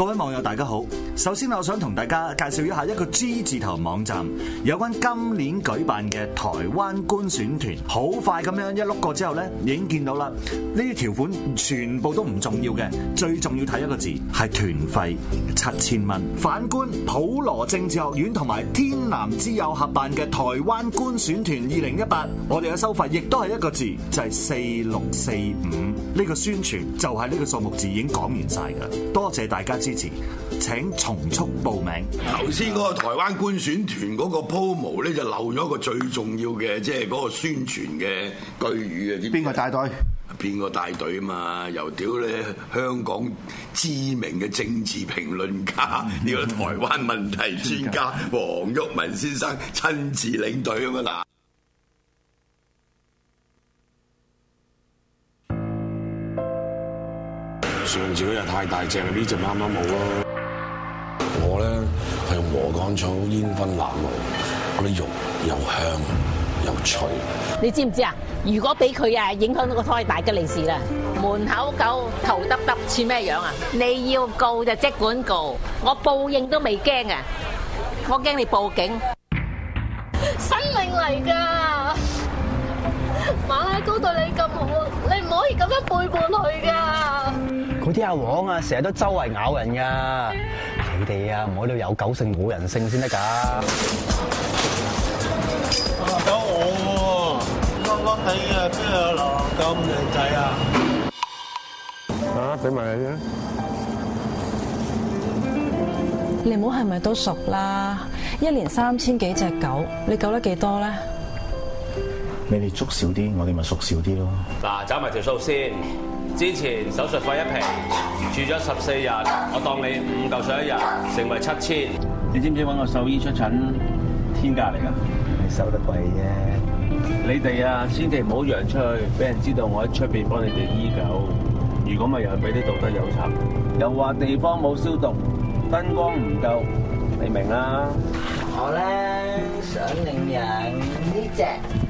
各位網友，大家好。首先我想同大家介紹一下一個 G 字頭網站，有關今年舉辦嘅台灣觀選團，好快咁樣一碌過之後咧，已經見到啦。呢啲條款全部都唔重要嘅，最重要睇一個字，係團費七千蚊。反觀普羅政治學院同埋天南之友合辦嘅台灣觀選團二零一八，我哋嘅收費亦都係一個字，就係四六四五。呢個宣傳就係呢個數目字已經講完晒噶多謝大家支持，請。重速報名，頭先嗰個台灣觀選團嗰個 promo 咧就漏咗一個最重要嘅，即係嗰個宣傳嘅句語啊！邊個帶隊？邊個帶隊啊嘛？又屌你香港知名嘅政治評論家，呢 個台灣問題專家黃毓民先生親自領隊啊嘛嗱，上次嗰隻太大隻，呢隻啱啱冇咯。我咧係用禾稈草煙熏臘肉，嗰啲肉又香又脆。你知唔知啊？如果俾佢啊，影響到個胎，大吉利是啦！門口狗頭耷耷似咩樣啊？你要告就即管告，我報應都未驚啊！我驚你報警。生命嚟噶，馬拉糕對你咁好，你唔可以咁樣背叛佢噶。嗰啲阿黃啊，成日都周圍咬人噶。你啊，唔好有狗性冇人性先得噶。有我喎，笠笠地啊，邊度有流浪狗咁靚仔啊！啊，俾埋你啦。你唔好係咪都熟啦？一年三千幾隻狗，你救得幾多咧？你哋捉少啲，我哋咪熟少啲咯。嗱，走埋條數先。之前手術費一平，住咗十四日，我當你五舊水一日，成為七千。你知唔知揾個獸醫出診？天價嚟噶，係收得貴啫。你哋啊，千祈唔好揚出去，俾人知道我喺出邊幫你哋醫狗。如果咪又俾啲道德有慘，又話地方冇消毒，燈光唔夠，你明啦。我咧想領養呢隻。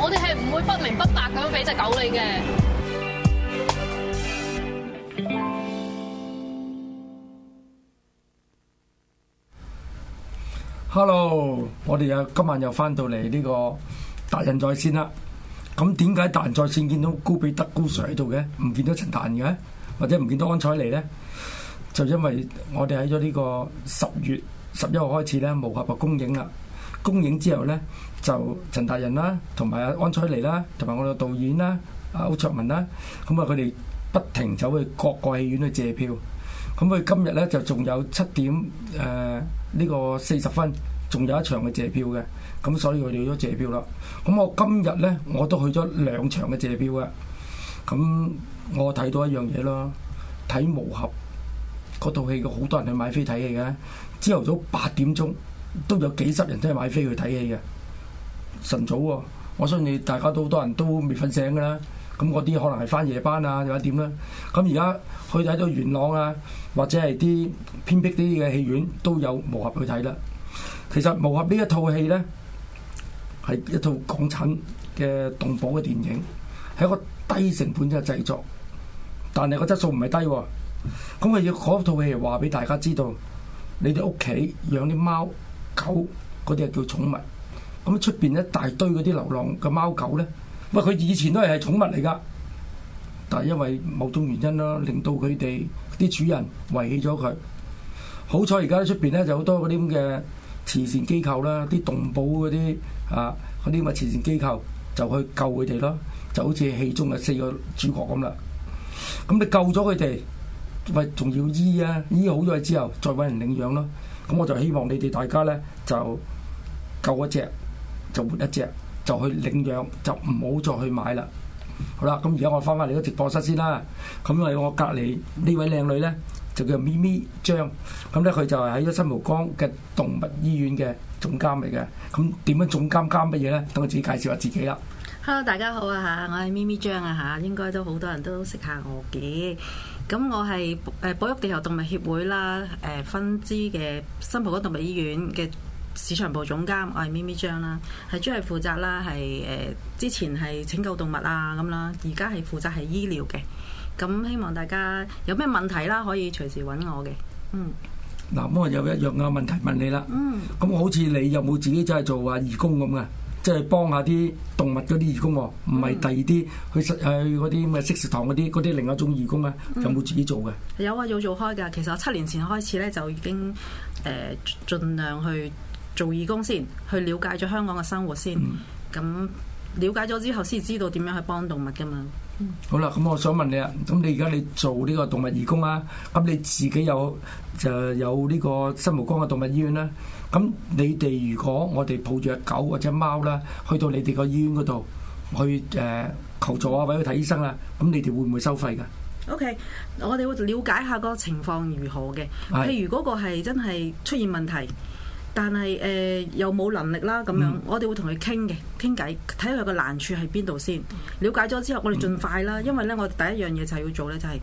我哋係唔會不明不白咁樣俾隻狗你嘅。Hello，我哋又今晚又翻到嚟呢個達仁在線啦。咁點解達仁在線見到高比德高 Sir 喺度嘅，唔見到陳彈嘅，或者唔見到安彩麗咧？就因為我哋喺咗呢個十月十一號開始咧，無盒嘅公映啦。公映之後咧，就陳大人啦，同埋阿安彩妮啦，同埋我哋導演啦，阿歐卓文啦，咁啊佢哋不停走去各個戲院去借票。咁佢今日咧就仲有七點誒呢、呃呢個四十分，仲有一場嘅借票嘅。咁所以佢哋都借票啦。咁我今日咧我都去咗兩場嘅借票嘅。咁我睇到一樣嘢咯，睇《無俠》嗰套戲嘅好多人去買飛睇戲嘅。朝頭早八點鐘。都有幾十人都買飛去睇戲嘅，晨早、哦、我相信大家都好多人都未瞓醒嘅啦。咁嗰啲可能係返夜班啊，又或者點咧？咁而家去睇到元朗啊，或者係啲偏僻啲嘅戲院都有無合去睇啦。其實無合呢一套戲咧，係一套港產嘅動保嘅電影，係一個低成本嘅製作，但係個質素唔係低喎、哦。咁佢要嗰套戲話俾大家知道，你哋屋企養啲貓、狗嗰啲係叫寵物，咁出邊一大堆嗰啲流浪嘅貓狗咧，喂佢以前都係係寵物嚟噶，但係因為某種原因啦，令到佢哋啲主人遺棄咗佢。好彩而家出邊咧就好多嗰啲咁嘅慈善機構啦，啲動保嗰啲啊啲咁嘅慈善機構就去救佢哋咯，就好似戲中嘅四個主角咁啦。咁你救咗佢哋，喂仲要醫啊，醫好咗之後再搵人領養咯。咁我就希望你哋大家咧就救一隻就活一隻，就去領養，就唔好再去買啦。好啦，咁而家我翻翻嚟個直播室先啦。咁係我隔離呢位靚女咧就叫咪咪張，咁咧佢就係喺咗新毛江嘅動物醫院嘅總監嚟嘅。咁點樣總監監乜嘢咧？等佢自己介紹下自己啦。Hello，大家好啊嚇，我係咪咪張啊嚇，應該都好多人都識下我嘅。咁我係誒保育地球動物協會啦，誒分支嘅新蒲崗動物醫院嘅市場部總監，我係咪咪張啦，係主要負責啦，係誒之前係拯救動物啊咁啦，而家係負責係醫療嘅。咁希望大家有咩問題啦，可以隨時揾我嘅。嗯。嗱，咁我有一樣嘅問題問你啦。嗯。咁好似你有冇自己就係做話義工咁嘅？即係幫下啲動物嗰啲義工喎，唔係第二啲去食去嗰啲咩嘅食堂嗰啲嗰啲另一種義工啊？有冇自己做嘅、嗯？有啊，有做開噶。其實我七年前開始咧就已經誒盡、呃、量去做義工先，去了解咗香港嘅生活先。咁、嗯嗯、了解咗之後，先知道點樣去幫動物噶嘛。好啦，咁我想問你啊，咁你而家你做呢個動物義工啊？咁你自己有就有呢個新毛光嘅動物醫院啦。咁你哋如果我哋抱住隻狗或者貓啦，去到你哋個醫院嗰度去誒求助啊，或者去睇醫生啦，咁你哋會唔會收費噶？OK，我哋會了解下個情況如何嘅。譬如嗰個係真係出現問題，但係誒又冇能力啦咁樣，我哋會同佢傾嘅，傾偈，睇下佢個難處喺邊度先。了解咗之後，我哋盡快啦，因為咧，我哋第一樣嘢就係要做咧，就係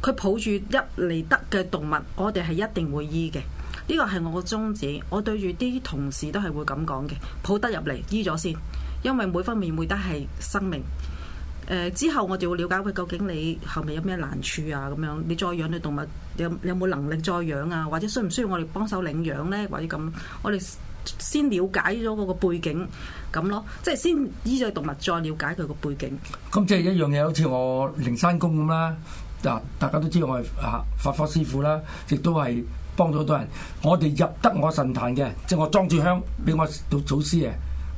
佢抱住一嚟得嘅動物，我哋係一定會醫嘅。呢個係我個宗旨，我對住啲同事都係會咁講嘅，抱得入嚟醫咗先，因為每方面每得係生命。誒、呃，之後我哋會了解佢究竟你後面有咩難處啊咁樣，你再養對動物你有有冇能力再養啊？或者需唔需要我哋幫手領養咧？或者咁，我哋先了解咗嗰個背景咁咯，即係先醫咗動物，再了解佢個背景。咁即係一樣嘢，好似我靈山公咁啦，嗱，大家都知道我係啊法科師傅啦，亦都係。幫咗好多人，我哋入得我神壇嘅，即係我裝住香俾我做祖師爺，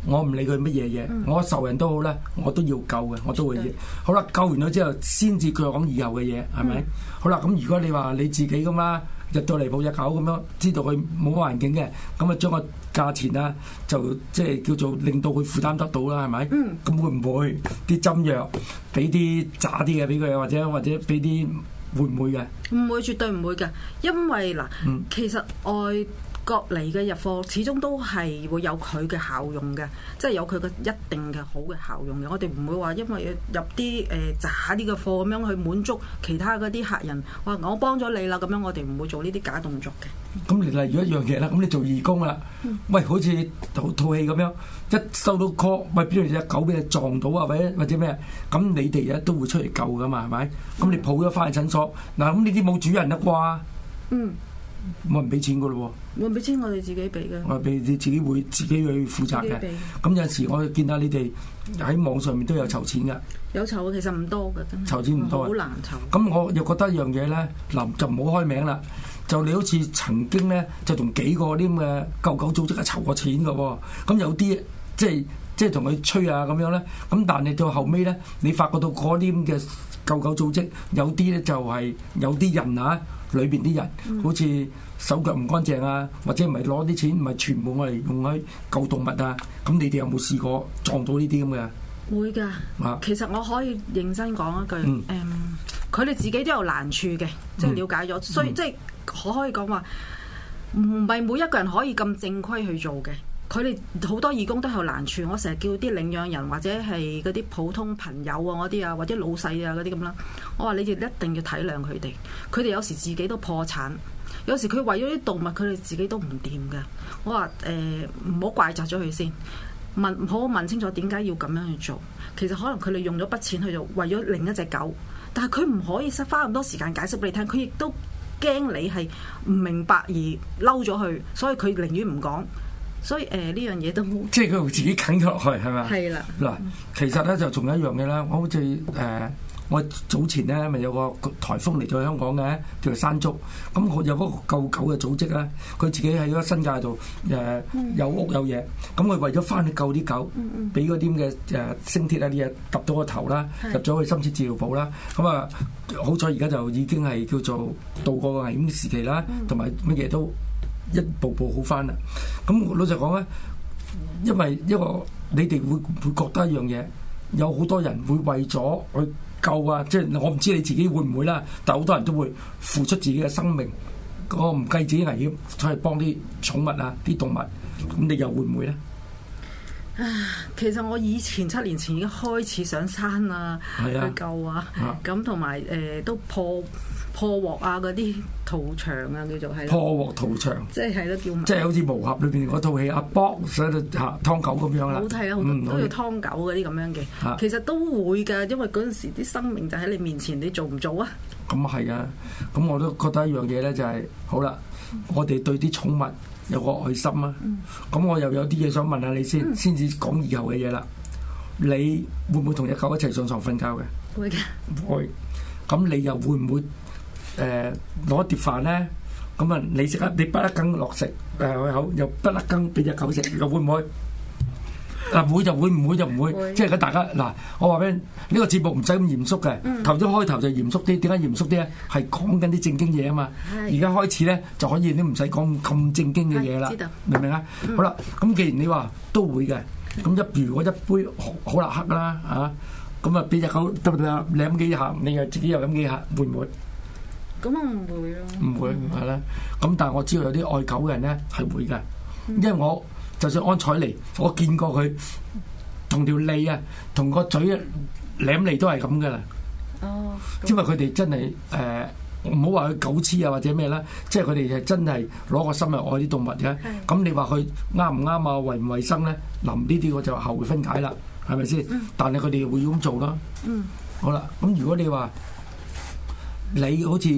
我唔理佢乜嘢嘢，嗯、我仇人都好啦，我都要救嘅，我都會。嗯、好啦，救完咗之後，先至講以後嘅嘢，係咪？嗯、好啦，咁如果你話你自己咁啦，入到嚟譜隻狗咁樣，知道佢冇環境嘅，咁啊將個價錢啊就即係、就係、叫做令到佢負擔得到啦，係咪？咁、嗯、會唔會啲針藥俾啲渣啲嘅俾佢，或者或者俾啲？會唔會嘅？唔會，絕對唔會嘅，因為嗱，嗯、其實愛。各嚟嘅入貨，始終都係會有佢嘅效用嘅，即係有佢嘅一定嘅好嘅效用嘅。我哋唔會話因為入啲誒渣啲嘅貨咁樣去滿足其他嗰啲客人。話，我幫咗你啦，咁樣我哋唔會做呢啲假動作嘅。咁例如一樣嘢啦，咁你做義工啦。喂，好似套套戲咁樣，一收到 call，喂，邊度隻狗俾你撞到啊？或者或者咩？咁你哋咧都會出嚟救㗎嘛，係咪？咁你抱咗返去診所嗱，咁呢啲冇主人啦啩？嗯。我冇人俾錢噶咯，冇人俾錢我哋自己俾嘅，我俾你自己會自己去負責嘅。咁有陣時我哋見到你哋喺網上面都有籌錢噶，有籌其實唔多噶，真係籌錢唔多，好、啊、難籌。咁我又覺得一樣嘢咧，嗱就唔好開名啦。就你好似曾經咧，就同幾個啲咁嘅救狗組織啊籌過錢噶。咁有啲即係即係同佢吹啊咁樣咧。咁但係到後尾咧，你發覺到嗰啲咁嘅救狗組織有啲咧就係、是、有啲人啊。裏邊啲人，好似手腳唔乾淨啊，或者唔係攞啲錢，唔係全部用嚟用喺救動物啊。咁你哋有冇試過撞到呢啲咁嘅？會㗎的。啊、其實我可以認真講一句，誒、嗯，佢哋自己都有難處嘅，即、就、係、是、了解咗，嗯、所以即係、就是、可以講話，唔係每一個人可以咁正規去做嘅。佢哋好多義工都有難處，我成日叫啲領養人或者係嗰啲普通朋友啊嗰啲啊，或者老細啊嗰啲咁啦。我話你哋一定要體諒佢哋，佢哋有時自己都破產，有時佢為咗啲動物，佢哋自己都唔掂㗎。我話誒唔好怪責咗佢先，問唔好問清楚點解要咁樣去做。其實可能佢哋用咗筆錢去做為咗另一隻狗，但係佢唔可以花咁多時間解釋俾你聽，佢亦都驚你係唔明白而嬲咗佢，所以佢寧願唔講。所以誒呢、呃、樣嘢都好，即係佢會自己啃落去係咪？係啦。嗱的，其實咧就仲有一樣嘢啦。我好似誒、呃，我早前咧咪有個颱風嚟咗香港嘅，叫做山竹。咁我有個救狗嘅組織咧，佢自己喺個新界度誒、嗯呃，有屋有嘢。咁佢為咗翻去救啲狗，俾嗰啲嘅誒鋅鐵啊啲嘢揼到個頭啦，入咗去深切治療部啦。咁啊的，嗯、好彩而家就已經係叫做渡過危險時期啦，同埋乜嘢都。一步步好返啦。咁老實講咧，因為一個，你哋會會覺得一樣嘢，有好多人會為咗去救啊，即係我唔知你自己會唔會啦，但好多人都會付出自己嘅生命，我唔計自己危險去幫啲寵物啊、啲動物，咁你又會唔會咧？啊，其實我以前七年前已經開始上山啊，係啊去救啊，咁同埋誒都破。破獲啊！嗰啲屠場啊，叫做係破獲屠場，即係係咯，叫即係好似武俠裏邊嗰套戲阿 Box 喺度吓劏狗咁樣啦。好睇啊，都要劏狗嗰啲咁樣嘅，其實都會噶因為嗰陣時啲生命就喺你面前，你做唔做啊？咁啊係啊，咁我都覺得一樣嘢咧，就係好啦，我哋對啲寵物有個愛心啊。咁我又有啲嘢想問下你先，先至講以後嘅嘢啦。你會唔會同隻狗一齊上床瞓覺嘅？會嘅，會。咁你又會唔會？誒攞碟飯咧，咁啊你食啊，你畀粒羹落食誒，好又畀粒羹俾隻狗食，又會唔會啊？會就會，唔會就唔會。即係咁，大家嗱，我話俾你，呢個節目唔使咁嚴肅嘅。頭先開頭就嚴肅啲，點解嚴肅啲咧？係講緊啲正經嘢啊嘛。而家開始咧，就可以你唔使講咁正經嘅嘢啦，明唔明啊？好啦，咁既然你話都會嘅，咁一如果一杯好好立克啦啊，咁啊俾隻狗飲幾下，你又自己又飲幾下，會唔會？咁我唔會咯，唔會，係啦。咁但係我知道有啲愛狗嘅人咧係會嘅，因為我就算安彩嚟，我見過佢同條脷啊，同個嘴啊舐脷都係咁噶啦。哦，因為佢哋真係誒，唔好話佢狗黐啊，或者咩啦，即係佢哋係真係攞個心嚟愛啲動物嘅。咁你話佢啱唔啱啊？衞唔衞生咧？淋呢啲我就後會分解啦，係咪先？但係佢哋會咁做啦。嗯，好啦，咁如果你話。你好似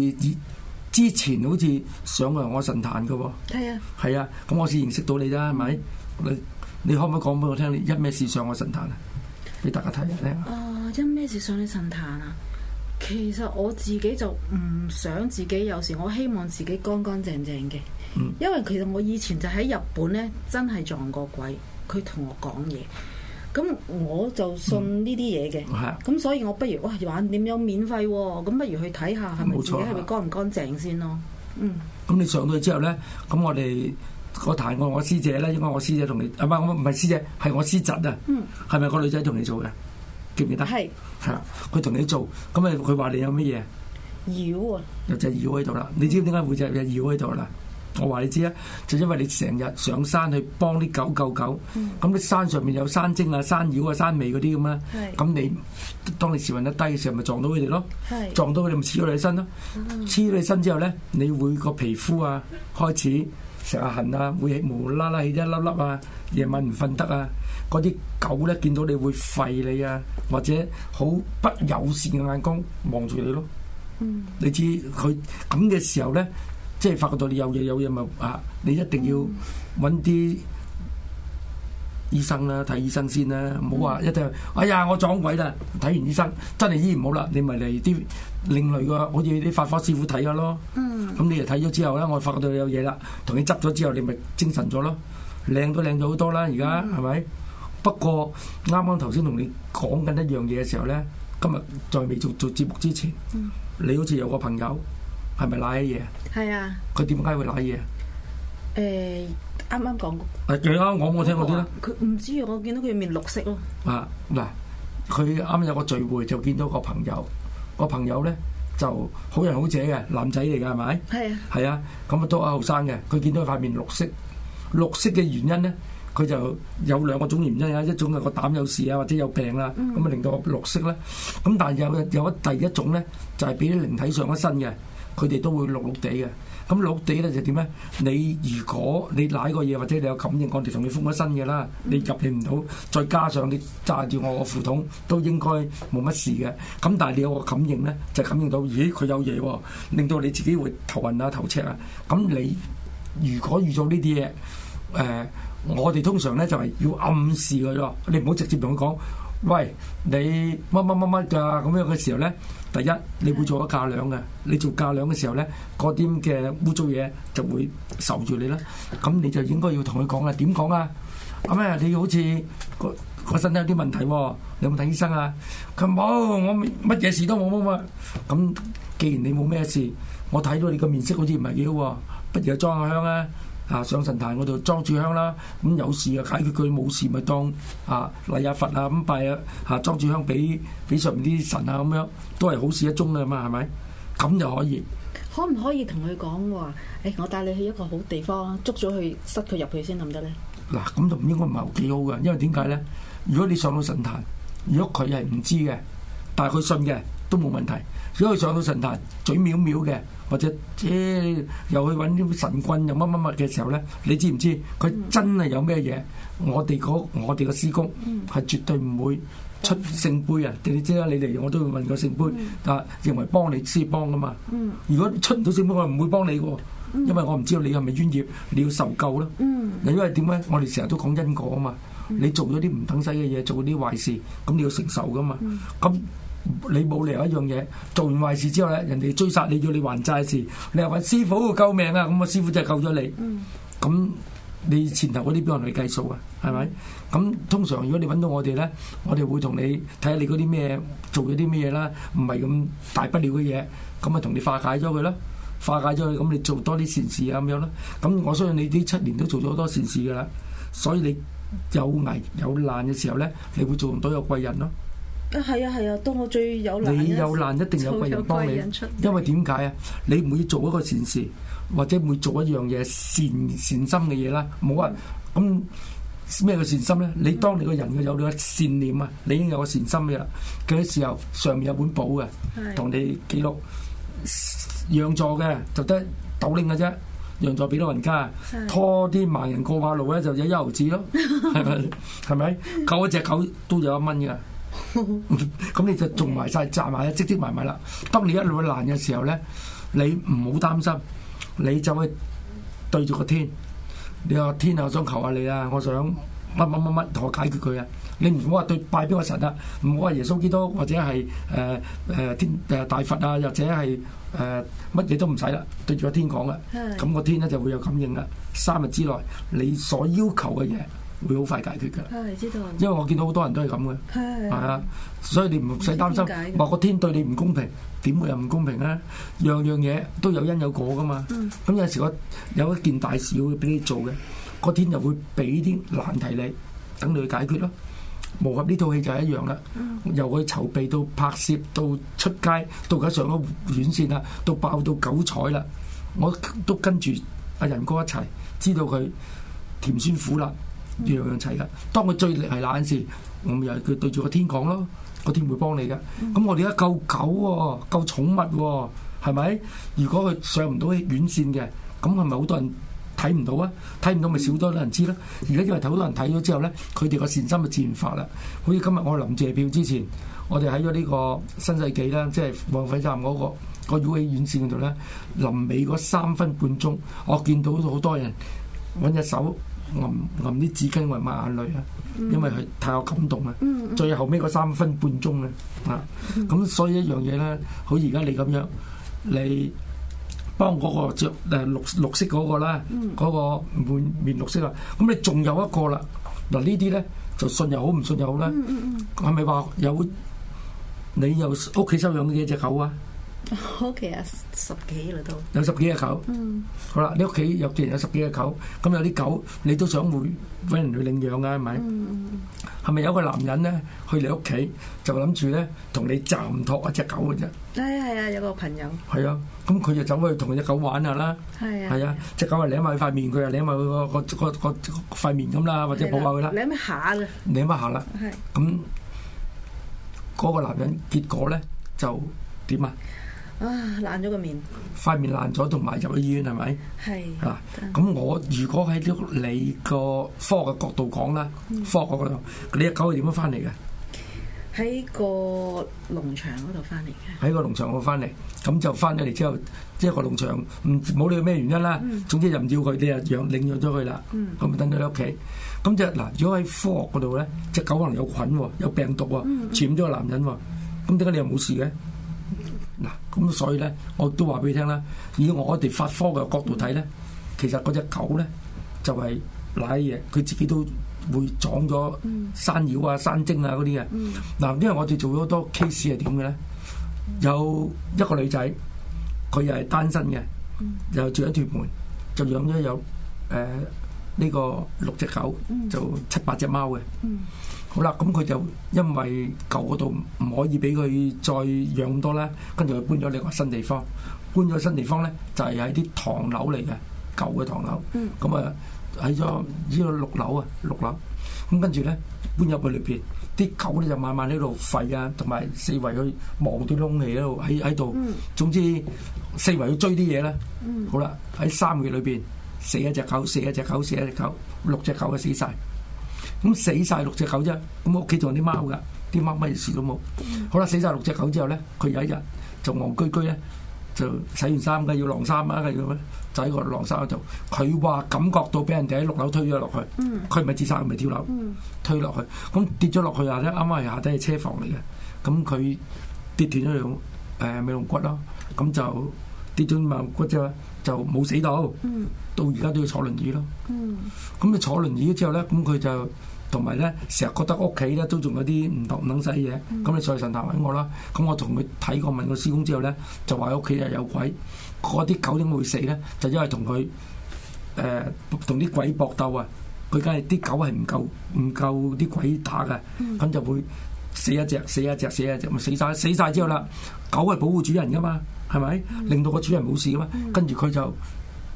之前好似上過我神壇噶喎，係啊，係啊，咁我先認識到你啦，係咪？你你可唔可以講俾我聽，你因咩事上我神壇啊？俾大家睇一睇啊、嗯呃！因咩事上你神壇啊？其實我自己就唔想自己有事，我希望自己乾乾淨淨嘅。因為其實我以前就喺日本咧，真係撞過鬼，佢同我講嘢。咁我就信呢啲嘢嘅，咁、啊、所以我不如哇玩，點有免費喎、啊？咁不如去睇下，係咪自己係咪乾唔乾淨先咯？啊、嗯，咁你上到去之後咧，咁我哋個台我彈過我師姐咧，應該我師姐同你，啊，唔係師姐，係我師侄啊。嗯，係咪個女仔同你做嘅？記唔記得？係是，係啦、啊，佢同你做，咁咪佢話你有乜嘢妖啊？有隻妖喺度啦，你知唔知點解會隻有妖喺度啦？我話你知啊，就因為你成日上山去幫啲狗救狗，咁你山上面有山精啊、山妖啊、山尾嗰啲咁啦，咁你當你時運得低嘅時候，咪撞到佢哋咯，撞到佢哋咪黐咗你身咯，黐咗你身之後咧，你會個皮膚啊開始成痕啊，會無啦啦起一粒粒啊，夜晚唔瞓得啊，嗰啲狗咧見到你會吠你啊，或者好不友善嘅眼光望住你咯，你知佢咁嘅時候咧。即係發覺到你有嘢有嘢咪啊！你一定要揾啲醫生啦，睇醫生先啦，唔好話一陣。嗯、哎呀，我撞鬼啦！睇完醫生真係醫唔好啦，你咪嚟啲另類嘅，好似啲法科師傅睇下咯。嗯，咁你又睇咗之後咧，我發覺到你有嘢啦。同你執咗之後，你咪精神咗咯，靚都靚咗好多啦。而家係咪？不過啱啱頭先同你講緊一樣嘢嘅時候咧，今日在未做做節目之前，你好似有個朋友。係咪瀨嘢？係啊！佢點解會瀨嘢？誒、欸，啱啱講過。係你啱講，我冇聽過啲啦。佢唔知，我見到佢面綠色咯。啊嗱，佢啱啱有個聚會，就見到個朋友。個朋友咧就好人好姐嘅男仔嚟㗎，係咪？係啊。係啊，咁啊都好後生嘅。佢見到塊面綠色，綠色嘅原因咧，佢就有兩個種原因啊。一種係個膽有事啊，或者有病啊，咁啊令到綠色咧。咁但係有有第一種咧，就係俾啲靈體上咗身嘅。佢哋都會碌碌地嘅，咁碌地咧就點、是、咧？你如果你舐個嘢或者你有感應，我哋同你封咗新嘅啦，你入去唔到，再加上你揸住我個扶筒，都應該冇乜事嘅。咁但係你有個感應咧，就是、感應到，咦佢有嘢喎、哦，令到你自己會頭暈啊，頭赤啊。咁你如果遇到呢啲嘢，誒、呃、我哋通常咧就係、是、要暗示佢咯，你唔好直接同佢講。喂，你乜乜乜乜㗎咁樣嘅時候咧，第一你會做咗架梁嘅，你做架梁嘅時候咧，嗰啲嘅污糟嘢就會受住你啦。咁你就應該要同佢講啦，點講啊？咁呀，你好似個個身體有啲問題喎、哦，你有冇睇醫生啊？佢冇，我乜嘢事都冇冇冇。咁既然你冇咩事，我睇到你個面色好似唔係幾好喎，不如裝下香啊！啊！上神壇我就裝住香啦，咁有事啊，解決佢，冇事咪當啊，啊！禮阿佛啊咁拜啊！嚇裝住香俾俾上面啲神啊咁樣，都係好事一宗啦、啊、嘛，係咪？咁就可以。可唔可以同佢講話？誒、哎，我帶你去一個好地方，捉咗去塞佢入去先得唔得咧。嗱，咁就應該唔係幾好嘅，因為點解咧？如果你上到神壇，如果佢係唔知嘅。但係佢信嘅都冇問題。如果佢上到神壇，嘴藐藐嘅，或者誒又去揾啲神棍又乜乜乜嘅時候咧，你知唔知佢真係有咩嘢？我哋嗰、那個、我哋嘅師公係絕對唔會出聖杯啊！你知啦，你嚟我都要問個聖杯啊，但認為幫你先幫噶嘛。如果出到聖杯，我唔會幫你嘅，因為我唔知道你係咪專業，你要受夠啦。因為點咧？我哋成日都講因果啊嘛。你做咗啲唔等使嘅嘢，做啲壞事，咁你要承受噶嘛。咁你冇理由一樣嘢，做完壞事之後咧，人哋追殺你，叫你還債事，你又話師傅救命啊！咁個師傅真係救咗你。咁你前頭嗰啲畀人嚟計數啊？係咪？咁通常如果你揾到我哋咧，我哋會同你睇下你嗰啲咩做咗啲咩啦，唔係咁大不了嘅嘢，咁咪同你化解咗佢咯。化解咗佢，咁你做多啲善事啊，咁樣咯。咁我相信你呢七年都做咗好多善事噶啦，所以你有危有難嘅時候咧，你會做唔到有貴人咯、啊。 啊，係啊，係啊！當我最有難，你有難一定有貴人幫你，出因為點解啊？你唔會做一個善事，或者唔會做一樣嘢善善心嘅嘢啦，冇啊，咁咩叫善心咧？你當你個人有咗善念啊，你已經有個善心嘅啦。嗰啲時候上面有本簿嘅，同你記錄。讓座嘅就得豆零嘅啫，讓座俾老人家，拖啲盲人過馬路咧就有一毫子咯，係咪？ 係咪？救一隻狗都有一蚊嘅。咁 你就做埋晒賺埋嘢，積積埋埋啦。當你一路難嘅時候咧，你唔好擔心，你就去對住個天。你話天啊，我想求下你啊，我想乜乜乜乜同我解決佢啊。你唔好話對拜邊個神啊，唔好話耶穌基督或者係誒誒天誒大佛啊，或者係誒乜嘢都唔使啦。對住個天講啊，咁個天咧就會有感應啦。三日之內，你所要求嘅嘢。會好快解決㗎。係知道，因為我見到好多人都係咁嘅，係係係。係啊，所以你唔使擔心。話個天對你唔公平，點會又唔公平咧？樣樣嘢都有因有果㗎嘛。咁有時我有一件大事會俾你做嘅，個天就會俾啲難題你，等你去解決咯。磨合呢套戲就係一樣啦。由佢籌備到拍攝，到出街，到喺上個院線啊，到爆到九彩啦，我都跟住阿仁哥一齊，知道佢甜酸苦辣。樣樣齊噶，當佢最力係冷時，我咪又係佢對住個天講咯，個天會幫你噶。咁我哋而家救狗喎、哦，救寵物喎、哦，係咪？如果佢上唔到院線嘅，咁係咪好多人睇唔到啊？睇唔到咪少多啲人知咯。而家因為好多人睇咗之後咧，佢哋個善心就自然發啦。好似今日我臨謝票之前，我哋喺咗呢個新世紀啦，即係旺輝站嗰個、個 UA 院線嗰度咧，臨尾嗰三分半鐘，我見到好多人揾隻手。揞揞啲紙巾為抹眼淚啊，嗯、因為佢太有感動啊。嗯、最後尾嗰三分半鐘咧、嗯、啊，咁所以一樣嘢咧，好似而家你咁樣，你幫嗰個著誒、呃、綠、綠色嗰、嗰個咧，嗰、嗯、個滿面綠色啊，咁你仲有一個啦。嗱呢啲咧就信又好唔信又好啦。係咪話有你又屋企收養幾隻狗啊？屋企啊，十幾啦都。有十幾隻狗。嗯。好啦，你屋企有幾人？有十幾隻狗。咁有啲狗，你都想會搵人去領養啊？係咪？嗯嗯嗯。係咪有個男人咧去你屋企就諗住咧同你暫託一隻狗嘅啫？係啊係啊，有個朋友。係啊，咁佢就走去同隻狗玩下啦。係啊。係啊，隻狗啊舐埋佢塊面，佢啊舐埋佢個個個個塊面咁啦，或者抱下佢啦。舐下嘅。舐下啦。係。咁嗰個男人結果咧就點啊？啊！爛咗個面，塊面爛咗，同埋入咗醫院，係咪？係是。啊，咁我如果喺你個科學嘅角度講啦，嗯、科學嗰度，你隻狗係點樣翻嚟嘅？喺個農場嗰度翻嚟嘅。喺個農場嗰度翻嚟，咁就翻咗嚟之後，即、就、係、是、個農場唔冇理佢咩原因啦。嗯、總之就唔要佢，你又養領養咗佢啦。咁咪等咗你屋企，咁就嗱、啊，如果喺科學嗰度咧，隻狗可能有菌喎，有病毒喎，傳咗個男人喎，咁點解你又冇事嘅？嗱，咁所以咧，我都話俾你聽啦，以我哋發科嘅角度睇咧，嗯、其實嗰隻狗咧就係瀨嘢，佢自己都會撞咗山妖啊、山精啊嗰啲嘅。嗱，嗯、因為我哋做咗好多 case 係點嘅咧，有一個女仔，佢又係單身嘅，又住一屯門，就養咗有誒呢、呃呢個六隻狗，嗯、就七八隻貓嘅。嗯好啦，咁佢就因為舊嗰度唔可以俾佢再養多咧，跟住佢搬咗另外新地方，搬咗新地方咧就係喺啲唐樓嚟嘅舊嘅唐樓，咁啊喺咗呢個六樓啊六樓，咁跟住咧搬入去裏邊，啲狗咧就慢慢喺度吠啊，同埋四圍去望啲空氣喺度喺喺度，嗯、總之四圍去追啲嘢咧。嗯、好啦，喺三月裏邊死一隻狗，死一隻狗，死一隻狗，六隻狗都死晒。咁死晒六隻狗啫，咁屋企仲有啲貓㗎，啲貓乜事都冇。好啦，死晒六隻狗之後咧，佢有一日就戇居居咧，就洗完衫嘅要晾衫啊，咁樣就喺個晾衫度，佢話感覺到俾人哋喺六樓推咗落去。佢唔係自殺，唔係跳樓，嗯、推落去。咁跌咗落去下咧，啱啱係下底係車房嚟嘅。咁佢跌斷咗條誒尾龍骨咯，咁就跌咗尾龍骨之後就冇死到。到而家都要坐輪椅咯。咁你坐輪椅之後咧，咁佢就～同埋咧，成日覺得屋企咧都仲有啲唔同唔等使嘢，咁、嗯、你再神探揾我啦。咁我同佢睇過問過師公之後咧，就話屋企又有鬼。嗰啲狗點會死咧？就因為同佢誒同啲鬼搏鬥啊！佢梗係啲狗係唔夠唔夠啲鬼打㗎，咁、嗯、就會死一隻、死一隻、死一隻，死晒死晒之後啦，狗係保護主人㗎嘛，係咪？令到個主人冇事㗎嘛。跟住佢就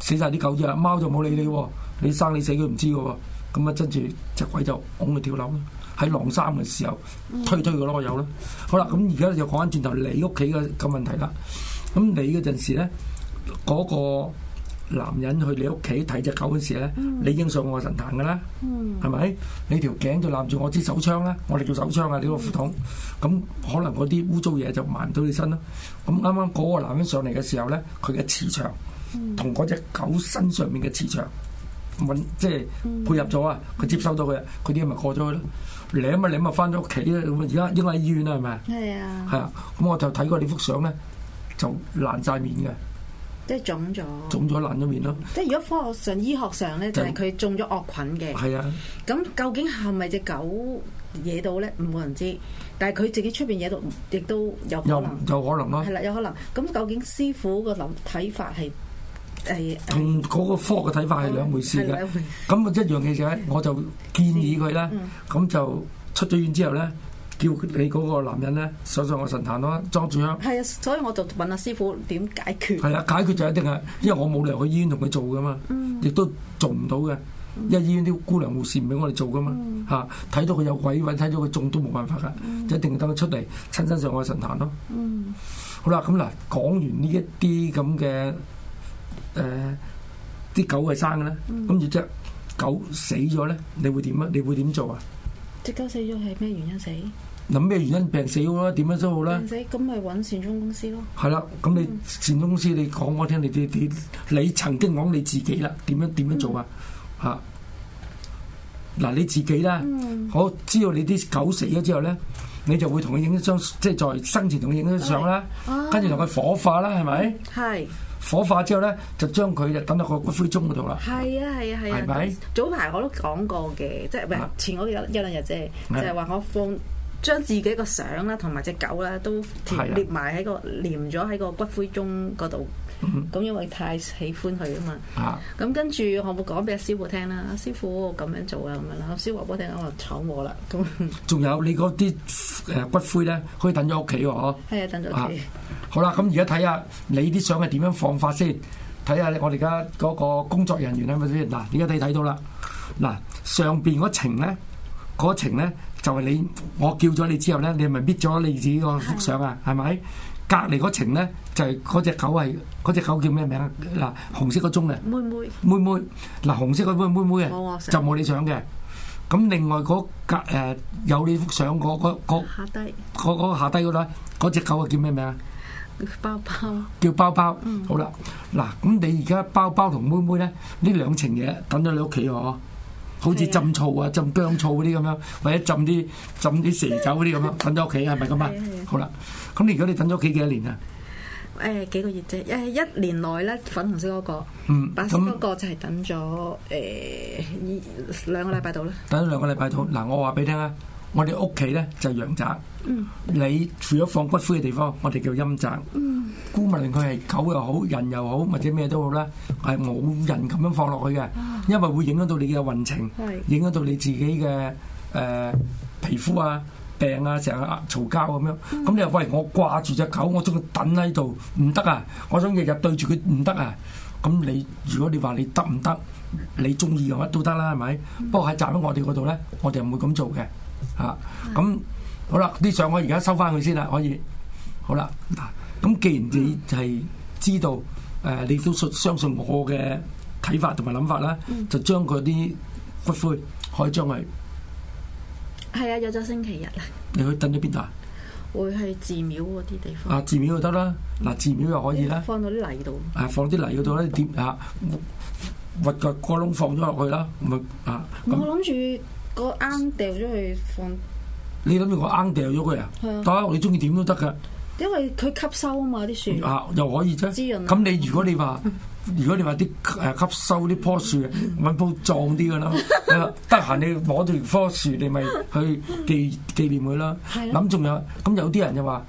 死晒啲狗啫。貓就冇理你喎，你生你死佢唔知㗎喎。咁啊，跟住隻鬼就拱佢跳樓啦！喺晾衫嘅時候推推佢攞我有啦。好啦，咁而家就講翻轉頭你屋企嘅個問題啦。咁你嗰陣時咧，嗰、嗰個男人去你屋企睇隻狗嘅時咧，嗯、你已經上我神壇噶啦，係咪、嗯？你條頸就攬住我支手槍啦，我哋叫手槍啊，你個符筒。咁可能嗰啲污糟嘢就埋到你身啦。咁啱啱嗰個男人上嚟嘅時候咧，佢嘅磁場同嗰隻狗身上面嘅磁場。嗯嗯即係配合咗啊！佢接收到嘅，佢啲咪過咗去咯。舐咪舐咪翻咗屋企啦。咁而家應該喺醫院啦，係咪？係啊。係啊。咁我就睇過呢幅相咧，就爛晒面嘅。即係腫咗。腫咗爛咗面咯。即係如果科學上、醫學上咧，就係佢中咗惡菌嘅。係啊。咁究竟係咪隻狗惹到咧？冇人知。但係佢自己出邊惹到，亦都有可能。有，有可能咯、啊。係啦、啊，有可能。咁究竟師傅個諗睇法係？係同嗰個科嘅睇法係兩回事嘅，咁啊一樣嘅就係，我就建議佢咧，咁就出咗院之後咧，叫你嗰個男人咧，上上我神壇咯、啊，裝住。兄。係啊，所以我就問阿師傅點解決？係啊，解決就一定係，因為我冇理由去醫院同佢做噶嘛，亦都做唔到嘅，因為醫院啲姑娘護士唔俾我哋做噶嘛嚇。睇、啊、到佢有鬼，睇到佢中都冇辦法噶，就一定要等佢出嚟親身上我神壇咯、啊。嗯的，好啦，咁嗱講完呢一啲咁嘅。誒啲狗係生嘅咧，咁而隻狗死咗咧，你會點啊？你會點做啊？隻狗死咗係咩原因死？諗咩原因病死好啦，點樣都好啦。死咁咪揾善終公司咯。係啦，咁你善終公司，你講我聽，你你你曾經講你自己啦，點樣點樣做啊？嚇！嗱，你自己啦，好知道你啲狗死咗之後咧，你就會同佢影一張，即係在生前同佢影一張相啦，跟住同佢火化啦，係咪？係。火化之後咧，就將佢就等喺個骨灰盅嗰度啦。係啊係啊係啊！啊啊是是早排我都講過嘅，即係唔係前嗰日一,一兩日啫，啊、就係話我放將自己、啊、個相啦，同埋隻狗啦，都貼埋喺個粘咗喺個骨灰盅嗰度。咁因為太喜歡佢啊嘛，咁跟住我冇講俾阿師傅聽啦，阿師傅咁樣做啊咁樣啦，阿師傅話俾我聽，我話闖禍啦。咁仲有你嗰啲誒骨灰咧，可以等咗屋企喎，嗬？係啊，等咗屋企。好啦，咁而家睇下你啲相係點樣放法先，睇下我哋而家嗰個工作人員咧，嗱，而家你睇到啦，嗱，上邊嗰程咧，嗰程咧就係你我叫咗你之後咧，你係咪搣咗你自己個幅相啊？係咪？隔離嗰程咧就係、是、嗰隻狗係嗰隻狗叫咩名啊？嗱，紅色個鐘嘅。妹妹，妹，妹，妹妹。妹妹，嗱，紅色個妹妹妹啊，就冇你想嘅。咁、嗯、另外隔誒、那個呃、有你幅相嗰個、那個、下低面，嗰、那個下低嗰度，嗰隻狗啊叫咩名啊？包包。叫包包。嗯、好啦，嗱，咁你而家包包同妹妹咧呢兩程嘢等咗你屋企哦。好似浸醋啊、浸姜醋嗰啲咁樣，或者浸啲浸啲蛇酒嗰啲咁樣，等咗屋企係咪咁啊？好啦，咁你而家你等咗屋企幾多年啊？誒、呃、幾個月啫，誒一年內咧粉紅色嗰、嗰個,白色個嗯，嗯，白色個就係等咗誒兩個禮拜度啦，等咗兩個禮拜度嗱，我話俾你聽啊。我哋屋企咧就係陽宅，你除咗放骨灰嘅地方，我哋叫陰宅。姑勿論佢係狗又好，人又好，或者咩都好啦，係冇人咁樣放落去嘅，因為會影響到你嘅運程，影響到你自己嘅誒、呃、皮膚啊、病啊、成日嘈交咁樣。咁、嗯嗯嗯、你話喂，我掛住隻狗，我將佢等喺度唔得啊，我想日日對住佢唔得啊。咁你如果你話你得唔得，你中意用乜都得啦，係咪？不過喺站喺我哋嗰度咧，我哋唔會咁做嘅。啊，咁好啦，啲相我而家收翻佢先啦，可以，好啦，咁既然你係知道，誒，你都相信我嘅睇法同埋諗法啦，就將佢啲骨灰可以將係，係啊，有咗星期日啦，你去墳到邊度啊？會去寺廟嗰啲地方啊？寺廟就得啦，嗱，寺廟又可以啦，放到啲泥度，係放啲泥度咧，點啊？掘個個窿放咗落去啦，咁啊？我諗住。個啱掉咗去放，你諗住個啱掉咗佢啊？係啊，你中意點都得噶。因為佢吸收啊嘛，啲樹啊，又可以啫。咁潤你如果你話， 如果你話啲誒吸收啲棵樹，揾 棵壯啲噶啦，得閒 你攞住棵樹，你咪去記紀念佢啦。係、啊。咁仲 有，咁有啲人就話，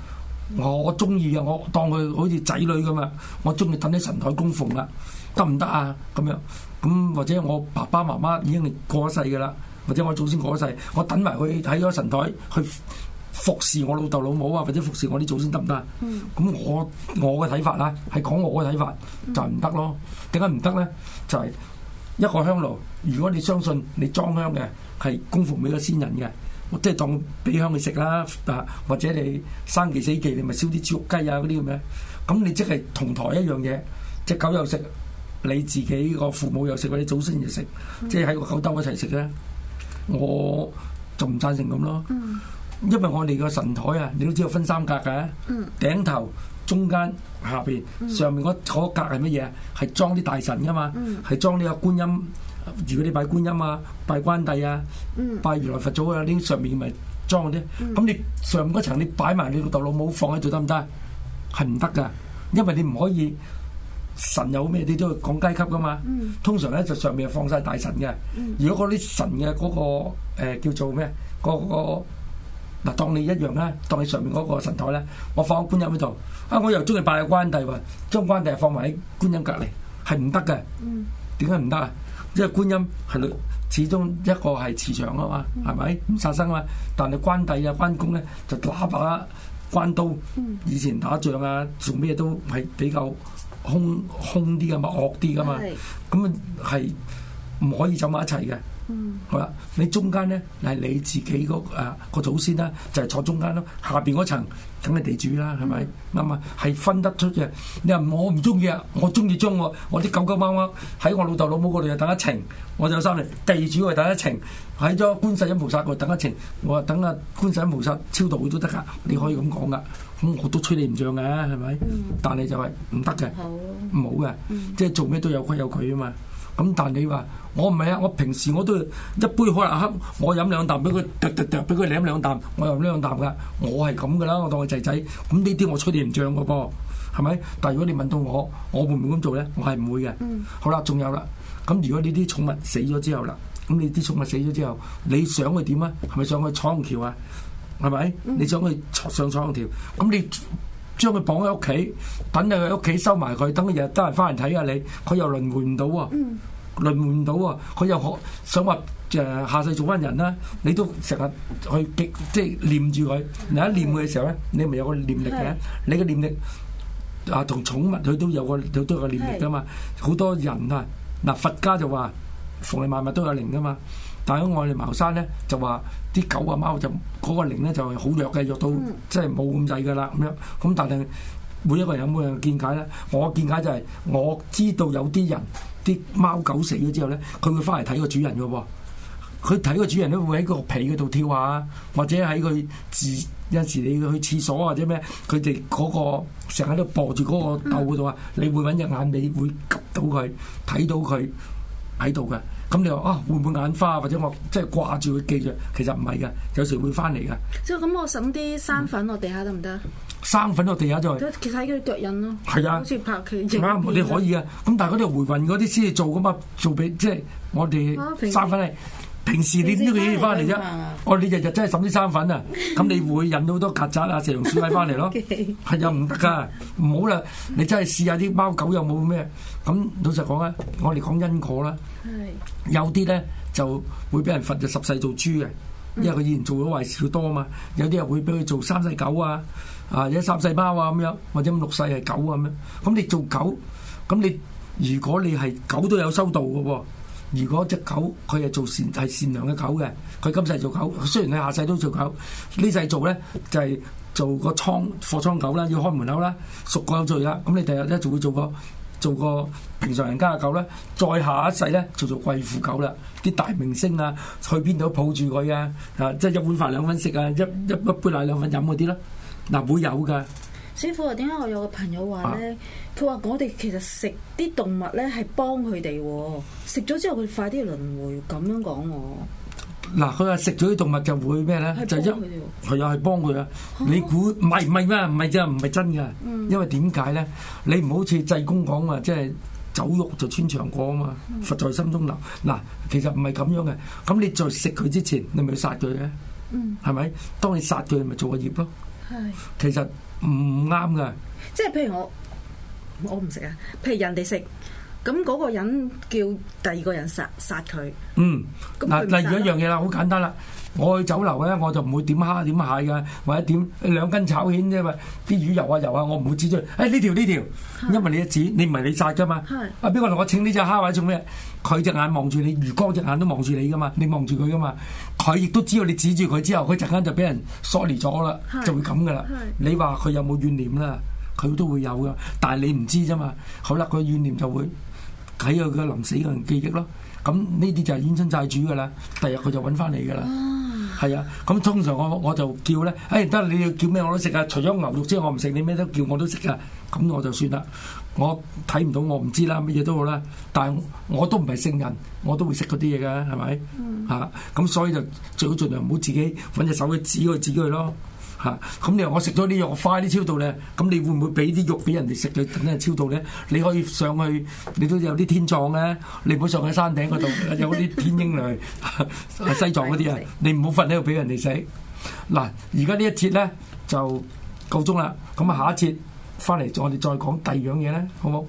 我中意啊，我當佢好似仔女咁啊，我中意等喺神台供奉啦，得唔得啊？咁樣，咁或者我爸爸媽媽已經過世噶啦。或者我祖先過世，我等埋去喺個神台去服侍我老豆老母啊，或者服侍我啲祖先得唔得啊？咁、嗯、我我嘅睇法啦，係講我嘅睇法就係唔得咯。點解唔得咧？就係一個香爐，如果你相信你裝香嘅係供奉俾個先人嘅，即係當俾香去食啦。嗱，或者你生忌死忌，你咪燒啲豬肉雞啊嗰啲咁嘅，咁你即係同台一樣嘢，隻狗又食，你自己個父母又食，或者祖先又食，即係喺個狗兜一齊食咧。我就唔贊成咁咯，因為我哋個神台啊，你都知道分三格嘅、啊，嗯、頂頭、中間、下邊，上面嗰嗰格係乜嘢？係裝啲大神噶嘛，係、嗯、裝呢個觀音。如果你拜觀音啊，拜關帝啊，嗯、拜如來佛祖啊，呢啲上面咪裝啲。咁、嗯、你上面嗰層你擺埋你老豆老母放喺度得唔得？係唔得噶，因為你唔可以。神有咩？你都要講階級噶嘛？嗯、通常咧就上面放晒大神嘅。嗯、如果嗰啲神嘅嗰、那個、呃、叫做咩？嗰、那個嗱、那個那個，當你一樣啦，當你上面嗰個神台咧，我放喺觀音嗰度。啊，我又中意拜關帝喎，將關帝放埋喺觀音隔離，係唔得嘅。點解唔得啊？因為觀音係始終一個係慈祥啊嘛，係咪、嗯？唔殺生啊。但係關帝啊、關公咧，就打把關刀，嗯、以前打仗啊、做咩都係比較。空兇啲嘅嘛，惡啲噶嘛，咁啊係唔可以走埋一齊嘅。好啦、嗯，你中間咧係你自己啊個啊祖先啦、啊，就係、是、坐中間咯、啊。下邊嗰層梗係地主啦，係咪啱啊？係、嗯、分得出嘅。你話我唔中意啊，我中意將我我啲狗狗貓貓喺我老豆老母嗰度又等一程。我就三年，地主嚟等一程，喺咗觀世音菩薩嗰度等一程。我話等啊觀世音菩薩超度佢都得噶，你可以咁講噶。嗯咁我都吹你唔脹嘅，係咪？嗯、但係就係唔得嘅，唔好嘅，即係做咩都有規有矩啊嘛。咁但你話我唔係啊，我平時我都一杯可樂黑，我飲兩啖俾佢，啄啄啄，俾佢飲兩啖，我又飲兩啖噶。我係咁噶啦，我當我仔仔。咁呢啲我吹你唔脹噶噃，係咪？但如果你問到我，我會唔會咁做咧？我係唔會嘅。嗯、好啦，仲有啦。咁如果呢啲寵物死咗之後啦，咁你啲寵物死咗之後，你想佢點啊？係咪想去闖橋啊？係咪？是是。嗯、你想佢上床條？咁你將佢綁喺屋企，等佢喺屋企收埋佢，等佢日日得閒翻嚟睇下你，佢又輪迴唔到喎，嗯、輪迴唔到喎，佢又可想話誒下世做翻人啦，啊？你都成日去極即係念住佢，你一念佢嘅時候咧，你咪有個念力嘅，是你嘅念力啊同寵物佢都有個有都有個念力噶嘛？好是多人啊，嗱、啊、佛家就話，凡係萬物都有靈噶嘛，但喺我哋茅山咧就話。啲狗啊貓就嗰個靈咧就係好弱嘅，弱到即係冇咁滯噶啦咁樣。咁但係每一個人都有每個人見解啦。我見解就係我知道有啲人啲貓狗死咗之後咧，佢會翻嚟睇個主人嘅喎。佢睇個主人都會喺個被嗰度跳下，或者喺佢自有時你要去廁所或者咩，佢哋嗰個成日都駁住嗰個竇嗰度啊，你會揾隻眼尾會 𥄫 到佢睇到佢喺度嘅。咁、嗯、你話啊會唔會眼花或者我即係掛住佢記住？其實唔係嘅，有時會翻嚟嘅。即係咁，我揾啲生粉落地下得唔得？生粉落地下就，嗯、其實睇佢腳印咯。係啊，好似拍劇。係、嗯、你可以啊。咁但係嗰啲回魂嗰啲先係做噶嘛，做俾即係我哋生粉係。平時點啲嘢翻嚟啫，我、 哦、你日日真係審啲生粉啊，咁 你會引到好多曱甴啊、蛇蟲鼠蟻翻嚟咯，係 又唔得噶，唔好啦，你真係試下啲貓狗有冇咩？咁老實講咧，我哋講因果啦，有啲咧就會俾人罰咗十世做豬嘅，因為佢以前做咗壞事多啊嘛。有啲人會俾佢做三世狗啊，啊有三世貓啊咁樣，或者六世係狗咁、啊、樣。咁你做狗，咁你如果你係狗都有收到嘅喎。如果隻狗佢係做善係善良嘅狗嘅，佢今世做狗，雖然佢下世都做狗，呢世做咧就係、是、做個倉貨倉狗啦，要開門口啦，贖過有罪啦，咁你第日咧就會做個做個平常人家嘅狗啦，再下一世咧就做貴婦狗啦，啲大明星啊去邊度抱住佢啊，啊即係一碗飯兩分食啊，一一一杯奶兩分飲嗰啲啦，嗱會有㗎。師傅話：點解我有個朋友話咧？佢話、啊、我哋其實食啲動物咧，係幫佢哋食咗之後，佢快啲輪迴咁樣講我。嗱，佢話食咗啲動物就會咩咧？就一係又係幫佢啊！你估唔係唔係咩？唔係啫，唔係真噶。嗯、因為點解咧？你唔好似濟公講話，即係酒肉就穿腸過啊嘛！佛在心中留。嗱，其實唔係咁樣嘅。咁你再食佢之前，你咪殺佢嘅。嗯。係咪？當你殺佢，咪做個業咯。係是。其實。唔啱㗎，即係譬如我我唔食啊，譬如人哋食，咁嗰個人叫第二個人殺殺佢，嗯，嗱例如一樣嘢啦，好簡單啦。我去酒樓咧，我就唔會點蝦點蟹㗎，或者點兩斤炒蜆啫嘛。啲魚油啊油啊，我唔會指出去。誒呢條呢條，因為你一指，你唔係你殺㗎嘛。啊邊個同我請呢隻蝦或者做咩？佢隻眼望住你，魚光隻眼都望住你㗎嘛。你望住佢㗎嘛，佢亦都知道你指住佢之後，佢陣間就俾人疏離咗啦，就會咁㗎啦。你話佢有冇怨念啦？佢都會有㗎，但係你唔知啫嘛。好啦，佢怨念就會喺佢嘅臨死嘅記憶咯。咁呢啲就係冤親債主㗎啦。第日佢就揾翻你㗎啦。係啊，咁通常我我就叫咧，哎得，你要叫咩我都食啊！除咗牛肉之外，我唔食，你咩都叫我都食噶，咁我就算啦。我睇唔到我我，我唔知啦，乜嘢都好啦。但係我都唔係聖人，我都會識嗰啲嘢㗎，係咪？嚇咁、嗯啊、所以就最好盡量唔好自己揾隻手去指去指佢咯。吓！咁、啊、你話我食咗啲藥我快啲超度咧？咁你會唔會俾啲肉俾人哋食咗？等佢超度咧？你可以上去，你都有啲天葬咧、啊。你唔好上去山頂嗰度，有啲天鷹嚟、啊、西藏嗰啲 啊！你唔好瞓喺度俾人哋食。嗱，而家呢一節咧就夠鐘啦。咁啊，下一節翻嚟我哋再講第二樣嘢咧，好唔好？